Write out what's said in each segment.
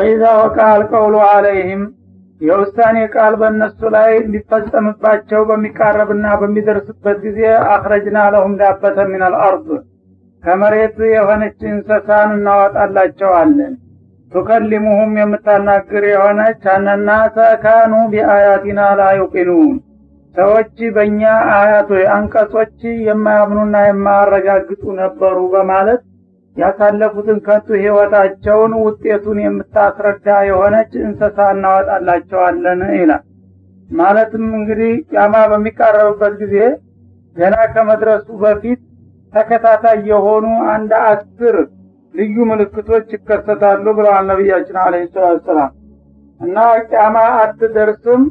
ወይዛ ወቃል ቀውሉ አለይህም የውሳኔ ቃል በእነሱ ላይ ሊፈጸምባቸው በሚቃረብና በሚደርስበት ጊዜ አክረጅና ለሁም ዳበተ ሚናል አርድ ከመሬት የሆነች እንስሳን እናወጣላቸዋለን ቱከሊሙሁም የምታናግር የሆነች አነናሰ ካኑ ቢአያቲና ላ ዩቂኑን ሰዎች በእኛ አያቶች አንቀጾች የማያምኑና የማያረጋግጡ ነበሩ በማለት ያሳለፉትን ከንቱ ህይወታቸውን ውጤቱን የምታስረዳ የሆነች እንስሳ እናወጣላቸዋለን ይላል። ማለትም እንግዲህ ቂያማ በሚቃረብበት ጊዜ ገና ከመድረሱ በፊት ተከታታይ የሆኑ አንድ አስር ልዩ ምልክቶች ይከሰታሉ ብለዋል ነቢያችን አለ ሰላት ሰላም። እና ቂያማ አትደርስም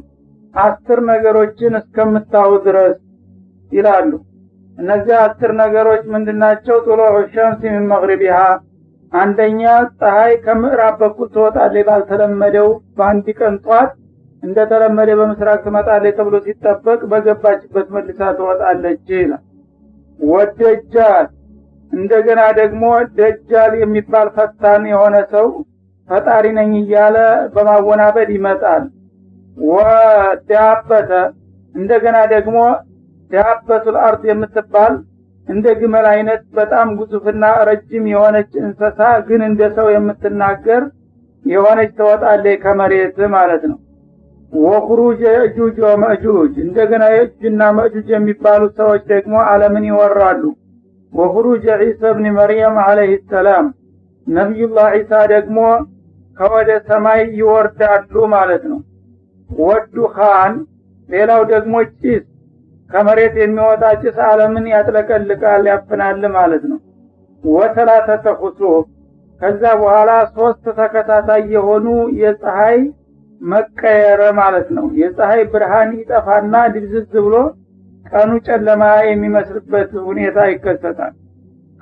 አስር ነገሮችን እስከምታው ድረስ ይላሉ። እነዚህ አስር ነገሮች ምንድናቸው? ቶሎ ሸምስ ሚን መቅሪቢሃ፣ አንደኛ ፀሐይ ከምዕራብ በኩል ትወጣለች። ባልተለመደው በአንድ ቀን ጧት እንደተለመደ በምስራቅ ትመጣለች ተብሎ ሲጠበቅ በገባችበት መልሳ ትወጣለች ይላል። ወደጃል እንደገና ደግሞ ደጃል የሚባል ፈታን የሆነ ሰው ፈጣሪ ነኝ እያለ በማወናበድ ይመጣል። ወዳበተ እንደገና ደግሞ ዳበቱል አርድ የምትባል እንደ ግመል አይነት በጣም ግዙፍና ረጅም የሆነች እንስሳ ግን እንደ ሰው የምትናገር የሆነች ተወጣለ ከመሬት ማለት ነው። ወኩሩጅ የእጁጅ ወመእጁጅ እንደገና የእጁና መእጁጅ የሚባሉት ሰዎች ደግሞ ዓለምን ይወራሉ። ወኹሩጅ ዒሳ ብኒ መርየም አለይህ ሰላም ነቢዩላህ ዒሳ ደግሞ ከወደ ሰማይ ይወርዳሉ ማለት ነው። ኻን ሌላው ደግሞ ጭስ ከመሬት የሚወጣ ጭስ ዓለምን ያጥለቀልቃል ያፍናል ማለት ነው። ወሰላሰተ ኩሱፍ ከዛ በኋላ ሶስት ተከታታይ የሆኑ የፀሐይ መቀየረ ማለት ነው። የፀሐይ ብርሃን ይጠፋና ድብዝዝ ብሎ ቀኑ ጨለማ የሚመስልበት ሁኔታ ይከሰታል።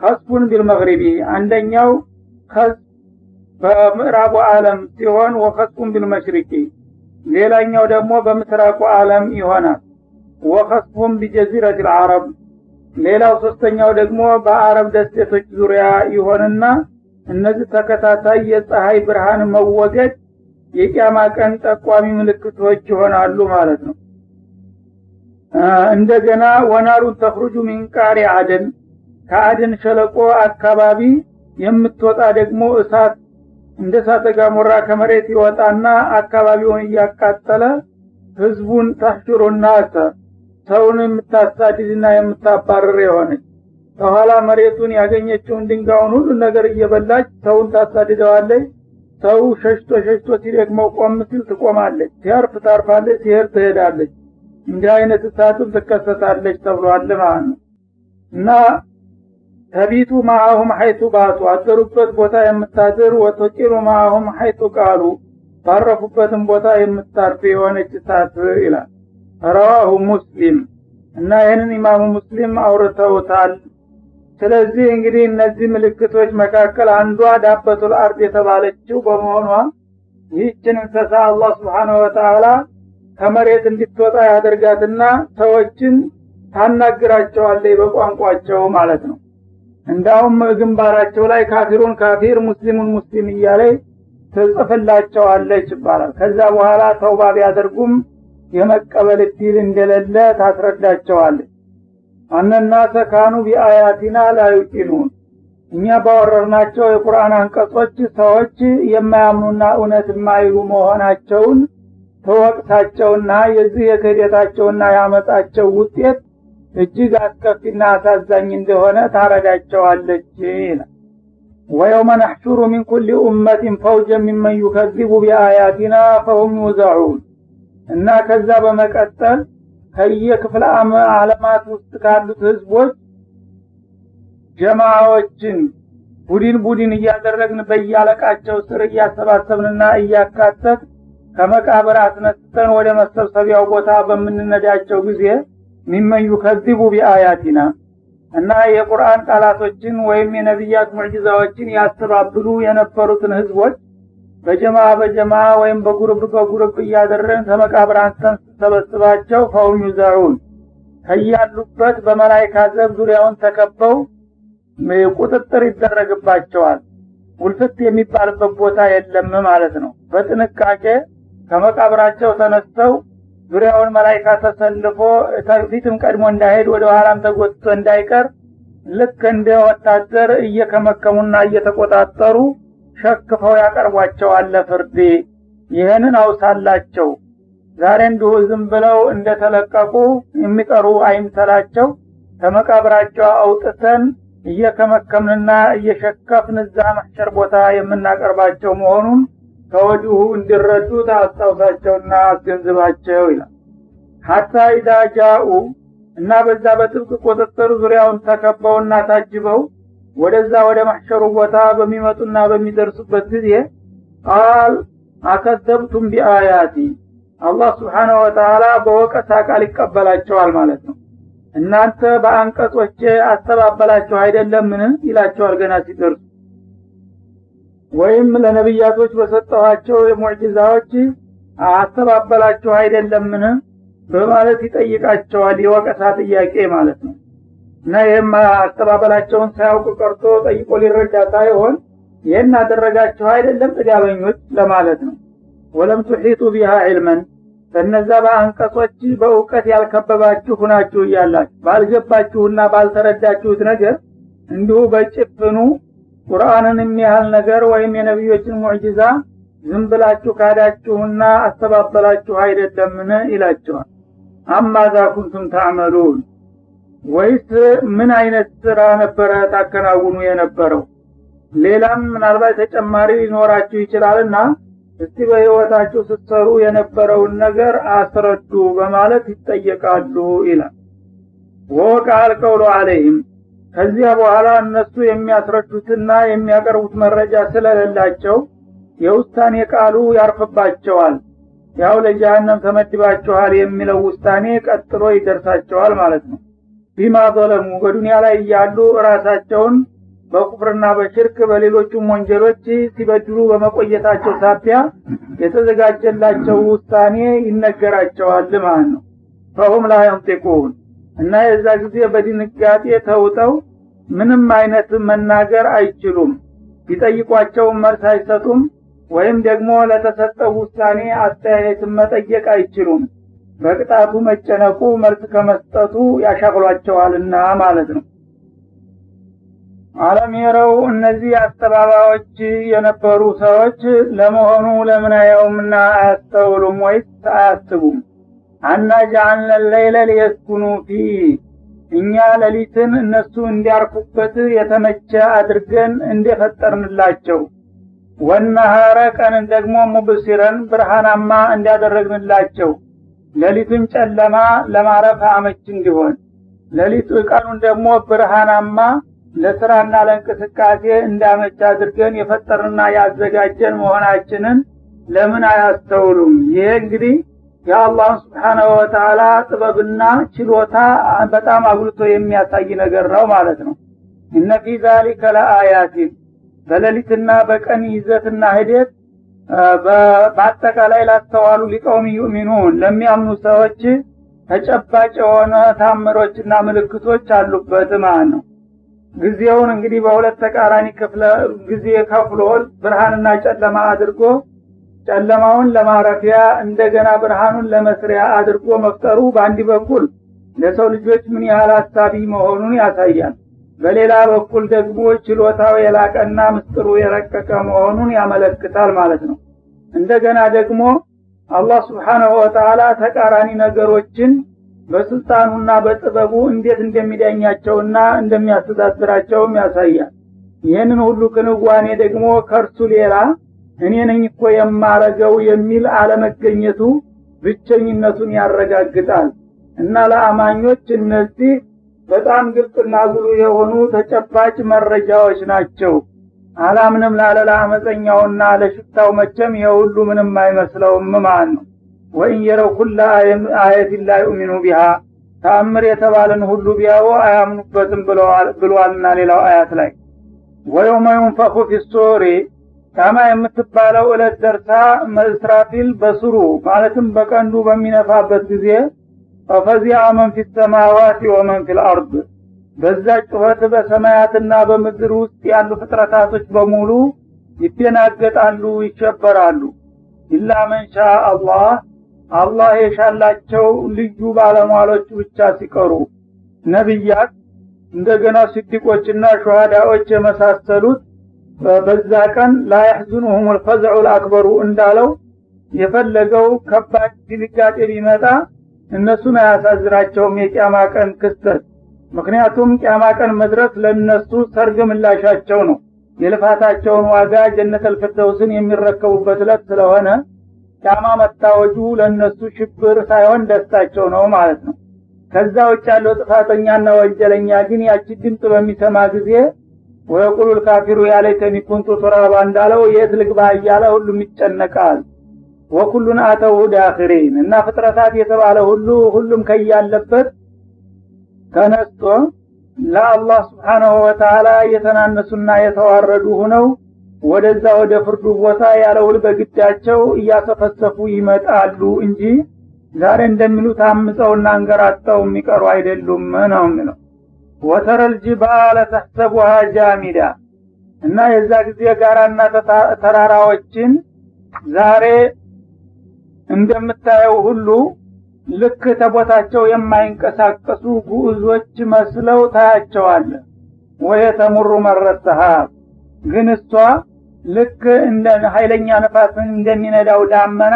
ከስቡን ቢልመግሪቢ አንደኛው በምዕራቡ ዓለም ሲሆን ወከስቡን ቢልመሽሪቂ ሌላኛው ደግሞ በምስራቁ ዓለም ይሆናል። ወኸስፉም ቢጀዚረት ልዓረብ ሌላው ሶስተኛው ደግሞ በአረብ ደሴቶች ዙሪያ ይሆንና እነዚህ ተከታታይ የፀሐይ ብርሃን መወገድ የቅያማ ቀን ጠቋሚ ምልክቶች ይሆናሉ ማለት ነው። እንደገና ወናሩን ተኽሩጁ ሚን አደን ከአደን ሸለቆ አካባቢ የምትወጣ ደግሞ እሳት እንደ እሳተ ገሞራ ከመሬት ይወጣና አካባቢውን እያቃጠለ ህዝቡን ታሽሩና ሰውን የምታሳድድና የምታባርር የሆነች ከኋላ መሬቱን ያገኘችውን ድንጋውን ሁሉ ነገር እየበላች ሰውን ታሳድደዋለች። ሰው ሸሽቶ ሸሽቶ ሲደግመው ቆም ሲል ትቆማለች፣ ሲያርፍ ታርፋለች፣ ሲሄድ ትሄዳለች። እንዲህ አይነት እሳትም ትከሰታለች ተብሏል ማለት ነው እና ተቢቱ ማአሁም ሐይቱ ባቱ አደሩበት ቦታ የምታድር ወተቂሩ ማአሁም ሐይቱ ቃሉ ባረፉበትም ቦታ የምታርፍ የሆነች እሳት ይላል። ረዋሁ ሙስሊም እና ይህንን ኢማሙ ሙስሊም አውርተውታል። ስለዚህ እንግዲህ እነዚህ ምልክቶች መካከል አንዷ ዳበቱል አርድ የተባለችው በመሆኗ ይህችን እንስሳ አላህ ስብሓነ ወተዓላ ከመሬት እንድትወጣ ያደርጋትና ሰዎችን ታናግራቸዋለ በቋንቋቸው ማለት ነው። እንዳውም ግንባራቸው ላይ ካፊሩን ካፊር ሙስሊሙን ሙስሊም እያለ ትጽፍላቸዋለች ይባላል። ከዛ በኋላ ተውባ ቢያደርጉም የመቀበል እድል እንደሌለ ታስረዳቸዋለች። አነናሰ ካኑ ቢአያቲና ላዩቂኑን እኛ ባወረርናቸው የቁርአን አንቀጾች ሰዎች የማያምኑና እውነት የማይሉ መሆናቸውን ተወቅታቸውና የዚህ የክህደታቸውና ያመጣቸው ውጤት እጅግ አስከፊና አሳዛኝ እንደሆነ ታረዳቸዋለች ይላል። ወየውመ ነሕሹሩ ሚን ኩሊ ኡመትን ፈውጀ ሚመን ዩከዚቡ ቢአያቲና ፈሁም ዩዘዑን እና ከዛ በመቀጠል ከየክፍለ ዓለማት ውስጥ ካሉት ህዝቦች ጀማዎችን ቡድን ቡድን እያደረግን በያለቃቸው ስር እያሰባሰብንና እያካተት ከመቃብር አስነስተን ወደ መሰብሰቢያው ቦታ በምንነዳቸው ጊዜ ሚመኙ ከዚቡ ቢአያቲና እና የቁርአን ቃላቶችን ወይም የነቢያት ሙዕጂዛዎችን ያስተባብሉ የነበሩትን ህዝቦች በጀማ በጀማ ወይም በጉርብ በጉርብ እያደረን ከመቃብር አንስተን ስንሰበስባቸው ፈውም ዩዘዑን ከያሉበት በመላይካ ዘብ ዙሪያውን ተከበው ቁጥጥር ይደረግባቸዋል። ውልፍት የሚባልበት ቦታ የለም ማለት ነው። በጥንቃቄ ከመቃብራቸው ተነስተው ዙሪያውን መላይካ ተሰልፎ ፊትም ቀድሞ እንዳይሄድ ወደ ኋላም ተጎትቶ እንዳይቀር ልክ እንደ ወታደር እየከመከሙና እየተቆጣጠሩ ሸክፈው ያቀርቧቸዋል ለፍርድ። ይህንን አውሳላቸው። ዛሬ እንዲሁ ዝም ብለው እንደተለቀቁ የሚቀሩ አይምሰላቸው። ከመቃብራቸው አውጥተን እየከመከምንና እየሸከፍን እዛ ማሕሸር ቦታ የምናቀርባቸው መሆኑን ከወዲሁ እንዲረዱት አስታውሳቸውና አስገንዝባቸው ይላል። ሀታ ኢዳ ጃኡ እና በዛ በጥብቅ ቁጥጥር ዙሪያውን ተከበውና ታጅበው ወደዛ ወደ ማሕሸሩ ቦታ በሚመጡና በሚደርሱበት ጊዜ ቃል አከዘብቱም ቢአያቲ አላህ ስብሓነ ወተዓላ በወቀሳ ቃል ይቀበላቸዋል ማለት ነው። እናንተ በአንቀጾች አስተባበላችሁ አይደለምን ይላቸዋል ገና ሲደርሱ። ወይም ለነቢያቶች በሰጠኋቸው ሙዕጂዛዎች አስተባበላችሁ አይደለምን በማለት ይጠይቃቸዋል። የወቀሳ ጥያቄ ማለት ነው። እና ይህም አስተባበላቸውን ሳያውቅ ቀርቶ ጠይቆ ሊረዳ ሳይሆን ይህን አደረጋቸው አይደለም ጥጋበኞች ለማለት ነው። ወለም ቱሒጡ ቢሃ ዕልመን በነዛ በአንቀጾች በእውቀት ያልከበባችሁ ሁናችሁ እያላችሁ ባልገባችሁና ባልተረዳችሁት ነገር እንዲሁ በጭፍኑ ቁርአንን የሚያህል ነገር ወይም የነቢዮችን ሙዕጂዛ ዝም ብላችሁ ካዳችሁና አስተባበላችሁ አይደለምን? ይላቸዋል። አማዛ ኩንቱም ተዕመሉን ወይስ ምን አይነት ስራ ነበረ ታከናውኑ የነበረው? ሌላም ምናልባት ተጨማሪ ሊኖራችሁ ይችላልና እስቲ በህይወታችሁ ስትሰሩ የነበረውን ነገር አስረዱ በማለት ይጠየቃሉ ይላል። ወቃል ቀውሎ አለይህም ከዚያ በኋላ እነሱ የሚያስረዱትና የሚያቀርቡት መረጃ ስለሌላቸው የውሳኔ ቃሉ ያርፍባቸዋል። ያው ለጀሃነም ተመድባችኋል የሚለው ውሳኔ ቀጥሎ ይደርሳቸዋል ማለት ነው። ቢማ ዘለሙ በዱንያ ላይ እያሉ ራሳቸውን በኩፍርና በሽርክ በሌሎችም ወንጀሎች ሲበድሉ በመቆየታቸው ሳቢያ የተዘጋጀላቸው ውሳኔ ይነገራቸዋል ማለት ነው። ፈሁም ላ የንጢቁን እና የዛ ጊዜ በድንጋጤ ተውጠው ምንም አይነት መናገር አይችሉም። ቢጠይቋቸውም መርስ አይሰጡም። ወይም ደግሞ ለተሰጠው ውሳኔ አስተያየትን መጠየቅ አይችሉም። በቅጣቱ መጨነቁ መልስ ከመስጠቱ ያሻቅሏቸዋልና ማለት ነው። አለም የረው እነዚህ አስተባባዎች የነበሩ ሰዎች ለመሆኑ ለምን አየውምና አያስተውሉም ወይስ አያስቡም? አና ጃአልነ ለይለ ሊየስኩኑ ፊህ እኛ ሌሊትን እነሱ እንዲያርፉበት የተመቸ አድርገን እንደፈጠርንላቸው ወነሃረ ቀንን ደግሞ ሙብሲረን ብርሃናማ እንዲያደረግንላቸው ሌሊትም ጨለማ ለማረፍ አመች እንዲሆን፣ ሌሊቱ ቀኑን ደግሞ ብርሃናማ ለስራና ለእንቅስቃሴ እንዳመች አድርገን የፈጠርና ያዘጋጀን መሆናችንን ለምን አያስተውሉም? ይሄ እንግዲህ የአላህን ስብሓነሁ ወተዓላ ጥበብና ችሎታ በጣም አጉልቶ የሚያሳይ ነገር ነው ማለት ነው። እነ ፊ ዛሊከ ለአያቲን በሌሊትና በቀን ይዘትና ሂደት በአጠቃላይ ላስተዋሉ ሊቀውም ዩሚኑን ለሚያምኑ ሰዎች ተጨባጭ የሆነ ታምሮችና ምልክቶች አሉበት ማለት ነው። ጊዜውን እንግዲህ በሁለት ተቃራኒ ክፍለ ጊዜ ከፍሎ ብርሃንና ጨለማ አድርጎ ጨለማውን ለማረፊያ እንደገና ብርሃኑን ለመስሪያ አድርጎ መፍጠሩ በአንድ በኩል ለሰው ልጆች ምን ያህል አሳቢ መሆኑን ያሳያል። በሌላ በኩል ደግሞ ችሎታው የላቀና ምስጥሩ የረቀቀ መሆኑን ያመለክታል ማለት ነው። እንደገና ደግሞ አላህ ስብሓነሁ ወተዓላ ተቃራኒ ነገሮችን በስልጣኑና በጥበቡ እንዴት እንደሚዳኛቸውና እንደሚያስተዳድራቸውም ያሳያል። ይህንን ሁሉ ክንዋኔ ደግሞ ከእርሱ ሌላ እኔ ነኝ እኮ የማረገው የሚል አለመገኘቱ ብቸኝነቱን ያረጋግጣል እና ለአማኞች እነዚህ በጣም ግልጽና ጉሉ የሆኑ ተጨባጭ መረጃዎች ናቸው። አላምንም ላለላ አመፀኛውና ለሽታው መቼም የሁሉ ምንም አይመስለውም ማለት ነው። ወይን የረው ኩላ አየት ላ ዩእሚኑ ቢሃ ተአምር የተባለን ሁሉ ቢያዩ አያምኑበትም ብሏልና ሌላው አያት ላይ ወየውመ ዩንፈኹ ፊሱሪ ሻማ የምትባለው ዕለት ደርሳ መእስራፊል በስሩ ማለትም በቀንዱ በሚነፋበት ጊዜ ፈፈዚአ መን ፊ ሰማዋት ወመን ፊ ልአርድ በዛች ጩኸት በሰማያትና በምድር ውስጥ ያሉ ፍጥረታቶች በሙሉ ይደናገጣሉ፣ ይሸበራሉ። ኢላ መን ሻ አላህ አላህ የሻላቸው ልዩ ባለሟሎች ብቻ ሲቀሩ ነቢያት፣ እንደገና ሲዲቆችና ሹሃዳዎች የመሳሰሉት በዛ ቀን ላያሕዝኑሁም ልፈዝዑ ልአክበሩ እንዳለው የፈለገው ከባድ ድንጋጤ ቢመጣ እነሱን አያሳዝናቸውም የቂያማ ቀን ክስተት። ምክንያቱም ቂያማ ቀን መድረስ ለእነሱ ሰርግ ምላሻቸው ነው። የልፋታቸውን ዋጋ ጀነት ፊርደውስን የሚረከቡበት ዕለት ስለሆነ ቂያማ መታወጁ ለእነሱ ሽብር ሳይሆን ደስታቸው ነው ማለት ነው። ከዛ ውጭ ያለው ጥፋተኛና ወንጀለኛ ግን ያቺ ድምፅ በሚሰማ ጊዜ ወየቁሉል ካፊሩ ያለ ለይተኒ ቱራባ እንዳለው የት ልግባ እያለ ሁሉም ይጨነቃል። ወኩሉን አተው ዳክሪን እና ፍጥረታት የተባለ ሁሉ ሁሉም ከያለበት ተነስቶ ለአላህ ስብሓንሁ ወተዓላ የተናነሱና የተዋረዱ ሁነው ወደዛ ወደ ፍርዱ ቦታ ያለ ውልበግዳቸው በግዳቸው እያሰፈሰፉ ይመጣሉ እንጂ ዛሬ እንደሚሉት አምፀውና አንገራጠው የሚቀሩ አይደሉም ነው የሚለው። ወተረል ተሕሰቡሃ ጃሚዳ እና የዛ ጊዜ ጋራና ተራራዎችን ዛሬ እንደምታየው ሁሉ ልክ ተቦታቸው የማይንቀሳቀሱ ጉዕዞች መስለው ታያቸዋል ወይ ተሙሩ መረተሃ ግን እሷ ልክ እንደ ኃይለኛ ነፋስን እንደሚነዳው ዳመና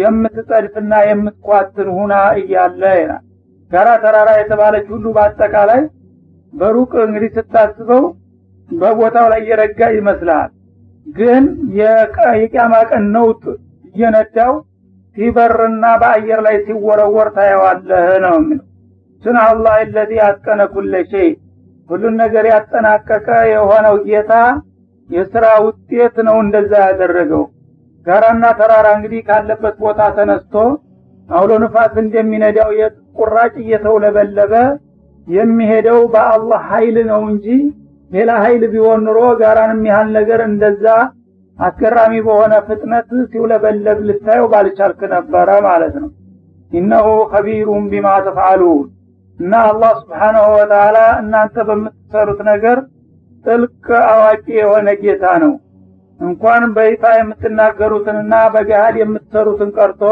የምትጠድፍና የምትኳትን ሁና እያለ ይላል። ጋራ ተራራ የተባለች ሁሉ በአጠቃላይ በሩቅ እንግዲህ ስታስበው በቦታው ላይ የረጋ ይመስላል። ግን የቅያማ ቀን ነውጥ እየነዳው ሲበርና በአየር ላይ ሲወረወር ታየዋለህ ነው የሚለው። ስነ አላህ ለዚ አትቀነ ኩለ ሸይ ሁሉን ነገር ያጠናቀቀ የሆነው ጌታ የሥራ ውጤት ነው እንደዛ ያደረገው። ጋራና ተራራ እንግዲህ ካለበት ቦታ ተነስቶ አውሎ ንፋስ እንደሚነዳው የቁራጭ እየተውለበለበ የሚሄደው በአላህ ኃይል ነው እንጂ ሌላ ኃይል ቢሆን ኑሮ ጋራን የሚያህል ነገር እንደዛ አስገራሚ በሆነ ፍጥነት ሲውለበለብ ልታየው ባልቻልክ ነበረ ማለት ነው። ኢነሁ ከቢሩን ቢማ ተፍዓሉን እና አላህ ስብሓነሁ ወተዓላ እናንተ በምትሰሩት ነገር ጥልቅ አዋቂ የሆነ ጌታ ነው። እንኳን በይፋ የምትናገሩትንና በገሃድ የምትሰሩትን ቀርቶ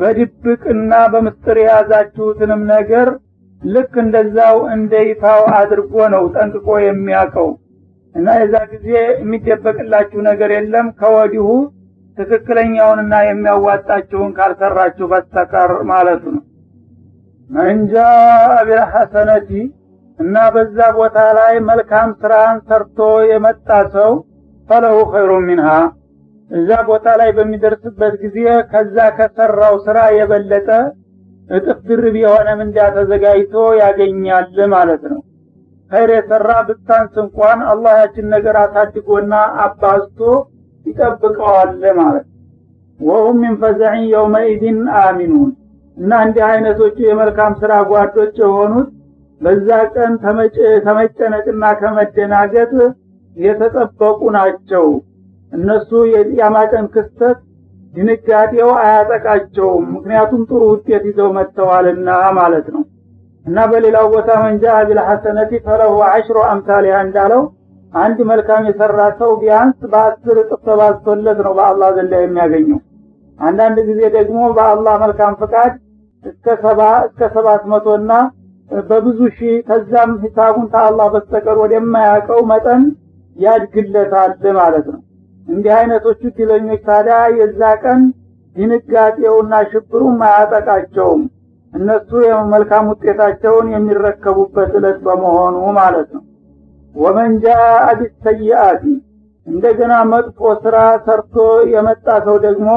በድብቅና በምስጥር የያዛችሁትንም ነገር ልክ እንደዛው እንደ ይፋው አድርጎ ነው ጠንቅቆ የሚያውቀው። እና የዛ ጊዜ የሚደበቅላችሁ ነገር የለም ከወዲሁ ትክክለኛውንና የሚያዋጣችሁን ካልሰራችሁ በስተቀር ማለቱ ነው። መንጃ ቢልሐሰነቲ እና በዛ ቦታ ላይ መልካም ስራን ሰርቶ የመጣ ሰው ፈለሁ ኸይሩ ሚንሃ እዛ ቦታ ላይ በሚደርስበት ጊዜ ከዛ ከሰራው ስራ የበለጠ እጥፍ ድርብ የሆነ ምንዳ ተዘጋጅቶ ያገኛል ማለት ነው። ኸይር የሰራ ብታንስ እንኳን አላህ ያችን ነገር አሳድጎና አባዝቶ ይጠብቀዋል ማለት ወሁም ሚን ፈዘዕን የውመኢድን አሚኑን እና እንዲህ አይነቶቹ የመልካም ስራ ጓዶች የሆኑት በዛ ቀን ከመጨነቅና ከመደናገጥ የተጠበቁ ናቸው። እነሱ የቅያማ ቀን ክስተት ድንጋጤው አያጠቃቸውም። ምክንያቱም ጥሩ ውጤት ይዘው መጥተዋልና ማለት ነው። እና በሌላው ቦታ መንጃ ቢልሐሰነቲ ፈለሁ አሽሮ አምሳሊያ እንዳለው አንድ መልካም የሰራ ሰው ቢያንስ በአስር እጥፍ ተባዝቶለት ነው በአላህ ዘንድ የሚያገኘው። አንዳንድ ጊዜ ደግሞ በአላህ መልካም ፍቃድ እስከ ሰባ እስከ ሰባት መቶና በብዙ ሺህ ከዛም ሂሳቡን ከአላህ በስተቀር ወደማያውቀው መጠን ያድግለታል ማለት ነው። እንዲህ አይነቶቹ ዲለኞች ታዲያ የዛ ቀን ድንጋጤውና ሽብሩ አያጠቃቸውም። እነሱ የመልካም ውጤታቸውን የሚረከቡበት ዕለት በመሆኑ ማለት ነው። ወመን ጃአ ቢሰይአቲ እንደገና መጥፎ ስራ ሰርቶ የመጣ ሰው ደግሞ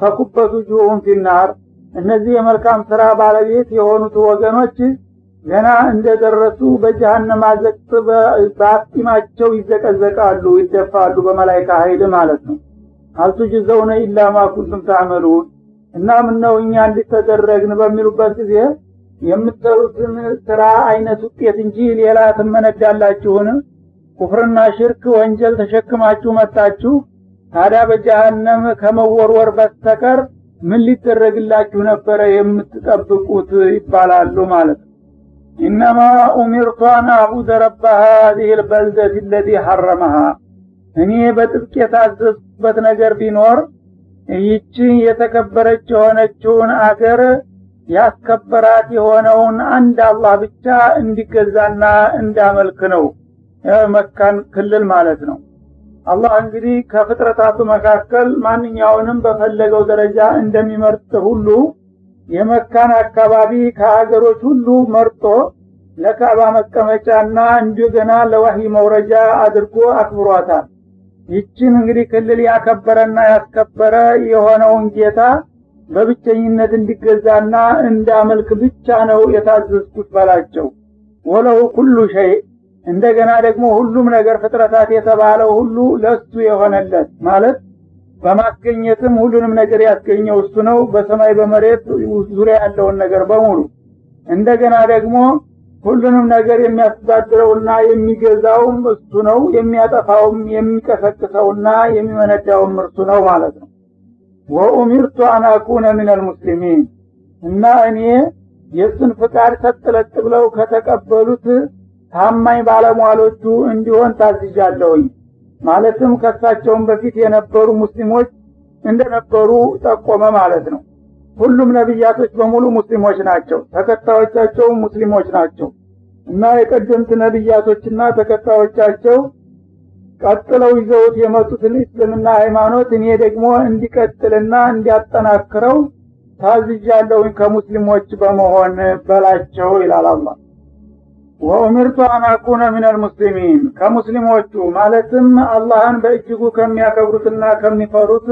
ፈኩበቱ ጁሁም ፊናር እነዚህ የመልካም ስራ ባለቤት የሆኑት ወገኖች ገና እንደደረሱ በጀሃነም አዘቅት በአፍጢማቸው ይዘቀዘቃሉ፣ ይደፋሉ በመላይካ ኃይል ማለት ነው። አልቱጅዘውነ ኢላ ማ ኩንቱም ታዕመሉን እና ምነው እኛ እንዲተደረግን በሚሉበት ጊዜ የምትጠሩትን ስራ አይነት ውጤት እንጂ ሌላ ትመነዳላችሁን? ኩፍርና ሽርክ ወንጀል ተሸክማችሁ መጣችሁ። ታዲያ በጀሃነም ከመወርወር በስተቀር ምን ሊደረግላችሁ ነበረ የምትጠብቁት? ይባላሉ ማለት ነው። ኢነማ ኡሚርቱ አን አዕቡደ ረበ ሃዚህ ልበልደት ለዚ ሐረመሃ እኔ በጥብቅ የታዘዝኩበት ነገር ቢኖር ይህችን የተከበረች የሆነችውን አገር ያስከበራት የሆነውን አንድ አላህ ብቻ እንዲገዛና እንዲያመልክ ነው። መካን ክልል ማለት ነው። አላህ እንግዲህ ከፍጥረታቱ መካከል ማንኛውንም በፈለገው ደረጃ እንደሚመርጥ ሁሉ የመካን አካባቢ ከሀገሮች ሁሉ መርጦ ለካባ መቀመጫና እንደገና ለዋሂ መውረጃ አድርጎ አክብሯታል። ይችን እንግዲህ ክልል ያከበረና ያስከበረ የሆነውን ጌታ በብቸኝነት እንዲገዛና እንዳመልክ ብቻ ነው የታዘዝኩት በላቸው። ወለው ኩሉ ሸይ እንደገና ደግሞ ሁሉም ነገር ፍጥረታት የተባለው ሁሉ ለሱ የሆነለት ማለት በማስገኘትም ሁሉንም ነገር ያስገኘው እሱ ነው፣ በሰማይ በመሬት ዙሪያ ያለውን ነገር በሙሉ እንደገና ደግሞ ሁሉንም ነገር የሚያስተዳድረውና የሚገዛውም እሱ ነው፣ የሚያጠፋውም የሚቀሰቅሰውና የሚመነዳውም እርሱ ነው ማለት ነው። ወኡሚርቱ አናኩነ ሚነል ሙስሊሚን እና እኔ የእሱን ፍቃድ ሰጥለጥ ብለው ከተቀበሉት ታማኝ ባለሟሎቹ እንዲሆን ታዝዣለሁኝ። ማለትም ከሳቸውም በፊት የነበሩ ሙስሊሞች እንደነበሩ ጠቆመ ማለት ነው። ሁሉም ነቢያቶች በሙሉ ሙስሊሞች ናቸው፣ ተከታዮቻቸውም ሙስሊሞች ናቸው እና የቀደምት ነቢያቶችና ተከታዮቻቸው ቀጥለው ይዘውት የመጡትን እስልምና ሃይማኖት እኔ ደግሞ እንዲቀጥልና እንዲያጠናክረው ታዝዣለሁኝ ከሙስሊሞች በመሆን በላቸው ይላል አላ። ወኡምርቱ አናኩነ ምን ሚነል ሙስሊሚን ከሙስሊሞቹ ማለትም አላህን በእጅጉ ከሚያከብሩትና ከሚፈሩት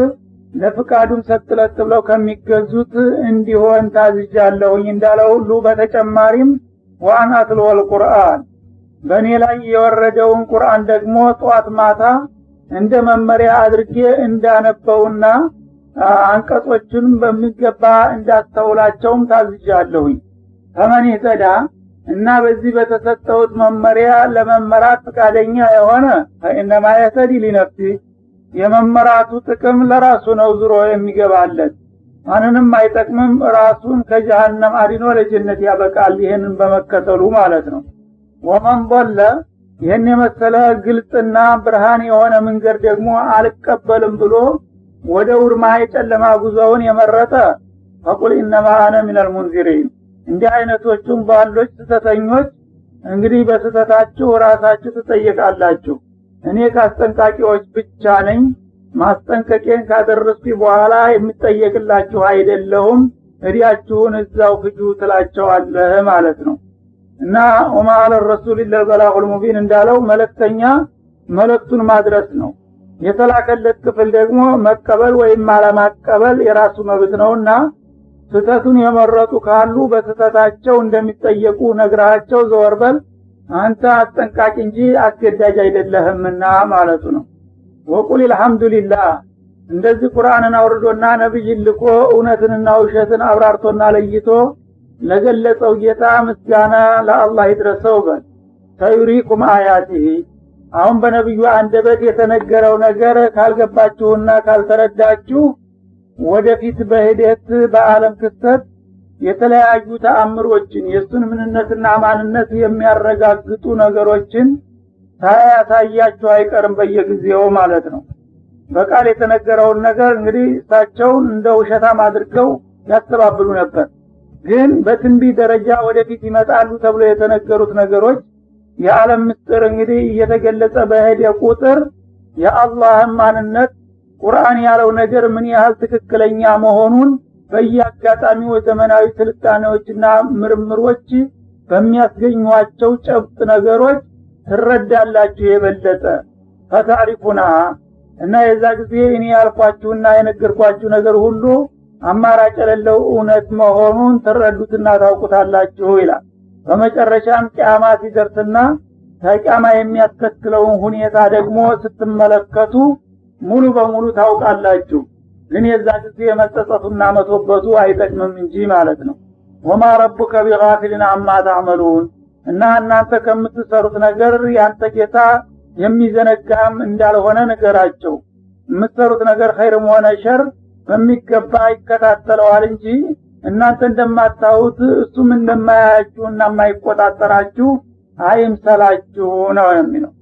ለፍቃዱም ሰጥለት ብለው ከሚገዙት እንዲሆን ታዝጃለሁኝ እንዳለ ሁሉ በተጨማሪም ወአናትል ቁርአን በእኔ ላይ የወረደውን ቁርአን ደግሞ ጠዋት ማታ እንደ መመሪያ አድርጌ እንዳነበውና አንቀጾችን በሚገባ እንዳስተውላቸውም ታዝጃለሁኝ። ተመን ተዳ እና በዚህ በተሰጠሁት መመሪያ ለመመራት ፈቃደኛ የሆነ ፈኢነማ የህተዲ ሊነፍሲህ የመመራቱ ጥቅም ለራሱ ነው ዝሮ የሚገባለት ማንንም አይጠቅምም ራሱን ከጀሃነም አዲኖ ለጀነት ያበቃል ይህንን በመከተሉ ማለት ነው ወመን በለ ይህን የመሰለ ግልጽና ብርሃን የሆነ መንገድ ደግሞ አልቀበልም ብሎ ወደ ውርማ የጨለማ ጉዞውን የመረጠ ፈቁል ኢነማ አነ ሚነል ሙንዚሪን እንዲህ አይነቶቹም ባሎች ስተተኞች እንግዲህ በስተታችሁ ራሳችሁ ትጠየቃላችሁ እኔ ከአስጠንቃቂዎች ብቻ ነኝ። ማስጠንቀቄን ካደረስኩ በኋላ የምጠየቅላችሁ አይደለሁም። እዲያችሁን እዛው ፍጁ ትላቸዋለህ ማለት ነው። እና ኦማ አለ ረሱል ለልበላቁል ልሙቢን እንዳለው መለክተኛ መለክቱን ማድረስ ነው። የተላከለት ክፍል ደግሞ መቀበል ወይም አለማቀበል የራሱ መብት ነውና ስህተቱን የመረጡ ካሉ በስህተታቸው እንደሚጠየቁ ነግራቸው ዘወርበል አንተ አስጠንቃቂ እንጂ አስገዳጅ አይደለህምና ማለቱ ነው። ወቁል አልሐምዱሊላህ እንደዚህ ቁርአንን አውርዶና ነብይ ልኮ እውነትንና ውሸትን አብራርቶና ለይቶ ለገለጸው ጌታ ምስጋና ለአላህ ይድረሰው በል። ሰዩሪኩም አያቲህ አሁን በነቢዩ አንደበት የተነገረው ነገር ካልገባችሁና ካልተረዳችሁ ወደፊት በሂደት በአለም ክስተት የተለያዩ ተአምሮችን የእሱን ምንነትና ማንነት የሚያረጋግጡ ነገሮችን ሳያሳያቸው አይቀርም በየጊዜው ማለት ነው። በቃል የተነገረውን ነገር እንግዲህ እሳቸውን እንደ ውሸታም አድርገው ያስተባብሉ ነበር። ግን በትንቢ ደረጃ ወደፊት ይመጣሉ ተብሎ የተነገሩት ነገሮች የዓለም ምስጥር እንግዲህ እየተገለጸ በሄደ ቁጥር የአላህን ማንነት ቁርአን ያለው ነገር ምን ያህል ትክክለኛ መሆኑን በየአጋጣሚው ዘመናዊ ስልጣኔዎችና ምርምሮች በሚያስገኟቸው ጨብጥ ነገሮች ትረዳላችሁ የበለጠ ፈታሪኩና እና የዛ ጊዜ እኔ ያልኳችሁና የነገርኳችሁ ነገር ሁሉ አማራጭ የሌለው እውነት መሆኑን ትረዱትና ታውቁታላችሁ ይላል። በመጨረሻም ቅያማ ሲደርስና ከቂያማ የሚያስከትለውን ሁኔታ ደግሞ ስትመለከቱ ሙሉ በሙሉ ታውቃላችሁ። ግን የዛ ጊዜ መጸጸቱና መቶበቱ አይጠቅምም እንጂ ማለት ነው። ወማ ረቡከ ቢጋፊልን አማ ተዕመሉን እና እናንተ ከምትሰሩት ነገር ያንተ ጌታ የሚዘነጋም እንዳልሆነ ነገራቸው። የምትሰሩት ነገር ኸይርም ሆነ ሸር በሚገባ ይከታተለዋል እንጂ እናንተ እንደማታዩት እሱም እንደማያያችሁ እና የማይቆጣጠራችሁ አይምሰላችሁ ነው የሚለው።